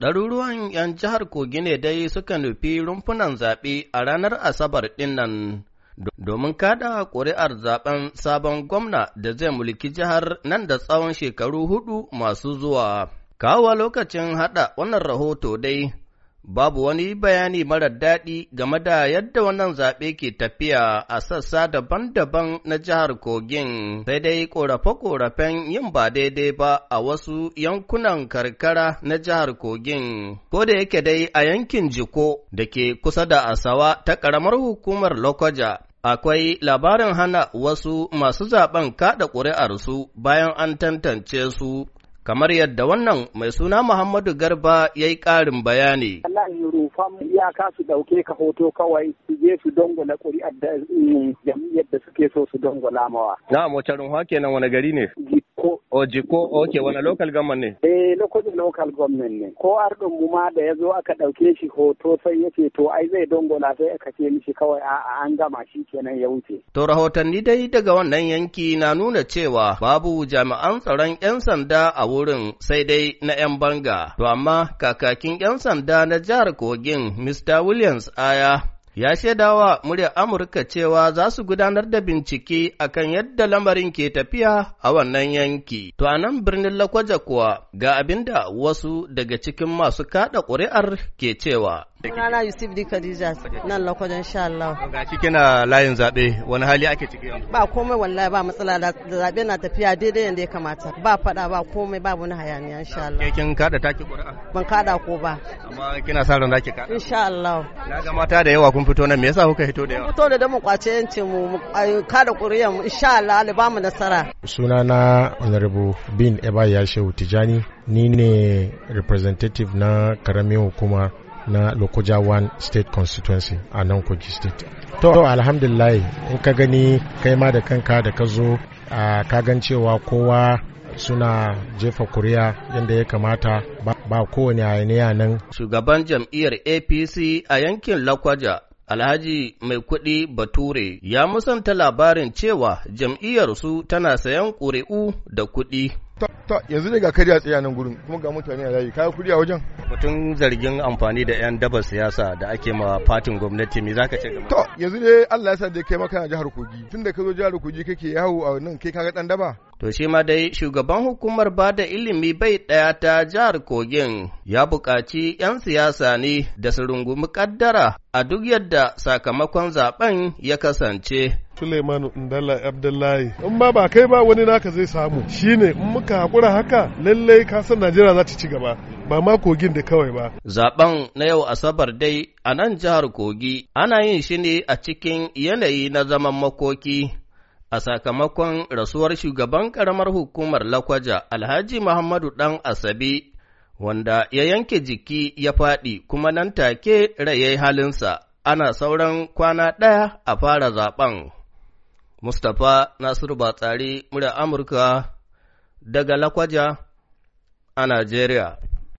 Ɗaruruwan 'yan jihar Kogi ne dai suka nufi rumfunan zaɓe a ranar Asabar ɗinnan domin kada ƙuri'ar zaben sabon gwamna da zai mulki jihar nan da tsawon shekaru hudu masu zuwa. Kawo lokacin haɗa wannan rahoto dai babu wani bayani marar daɗi game da yadda wannan zaɓe ke tafiya a sassa daban-daban na jihar Kogin, sai dai ƙorafe-ƙorafen yin ba daidai ba a wasu yankunan karkara na jihar Kogin. Ko da yake dai a yankin Jiko da ke kusa da Asawa ta ƙaramar hukumar Lokoja, Akwai labarin hana wasu masu zaben kaɗa ƙuri'arsu bayan an tantance su kamar yadda wannan mai suna Muhammadu Garba ya yi ƙarin bayani. Wallahi rufan iyaka su ɗauke ka hoto kawai su je su dongola ƙuri'ar da mm, jam'iyyar da suke so su dongola mawa. amma wacce runwa kenan wani gari ne? jikko. O jikko ok wani local government ne? Eh lokacin local government ne. Ko arɗin mu ma da ya zo aka ɗauke shi hoto sai ya to ai zai dongola sai aka ce mishi kawai a an gama shi kenan ya wuce. To rahotanni dai daga wannan yanki na nuna cewa babu jami'an tsaron 'yan sanda a wurin sai dai na 'yan banga. To amma kakakin 'yan sanda na jihar Kogin Mr. Williams Aya ya shaidawa muryar Amurka cewa za su gudanar da bincike akan yadda lamarin ke tafiya a wannan yanki. To a nan birnin Lakwaja kuwa ga abinda wasu daga cikin masu kada ƙuri'ar ke cewa. Sunana Yusuf Di Khadija nan lakwajen sha Allah. Ga kina layin zabe wani hali ake ciki yanzu? Ba komai wallahi ba matsala da zabe na tafiya daidai yadda ya kamata. Ba fada ba komai ba wani hayaniya insha Allah. Ke kin kada taki ƙuri'a? Ban kada ko ba. Amma kina sa ran zaki kada? Insha Allah. Na ga mata da yawa kun fito nan me yasa kuka fito da yawa? Mun fito da dan mu kwace yancin mu kada ƙuri'an mu insha Allah Allah ba mu nasara. Sunana Honorable Bin Eba Yashewu Tijani ni ne representative na karamin hukuma na lokoja one state constituency a nan kogi state to alhamdulillah in ka gani kai ma da kanka da ka zo ka gan cewa kowa suna jefa kuriya yadda ya kamata ba, ba kowane hayaniya nan. Shugaban jam'iyyar APC a yankin Lakwaja, Alhaji Mai Kuɗi Bature ya musanta labarin cewa su tana sayan ƙuri'u da kuɗi ta yanzu ne ga kariya tsaye nan gurin kuma ga mutane a layi kaya kuriya wajen mutum zargin amfani da yan dabar siyasa da ake ma fatin gwamnati me zaka ce to yanzu ne Allah ya sa da kai maka jihar Kogi tunda ka zo jihar Kogi kake yawo a nan kai kaga dan daba To shi ma dai shugaban hukumar ba da ilimi bai ɗaya ta jihar Kogin ya buƙaci ‘yan siyasa ne da su rungumi ƙaddara a duk yadda sakamakon zaben ya kasance. Suleiman Ndala Abdullahi in ba ba kai ba wani naka zai samu shine in muka hakura haka lallai san Najeriya za ta ci gaba ba ma kogin da kawai ba. Zaben na yau Asabar dai a nan jihar Kogi ana yin shi ne a cikin yanayi na zaman makoki a sakamakon rasuwar shugaban ƙaramar hukumar Lakwaja Alhaji Muhammadu ɗan Asabi, wanda ya yanke jiki ya faɗi kuma nan take raye halinsa, ana sauran kwana ɗaya a fara zaɓen. Mustapha Nasiru Batsari, murya Amurka, daga Lakwaja a Najeriya.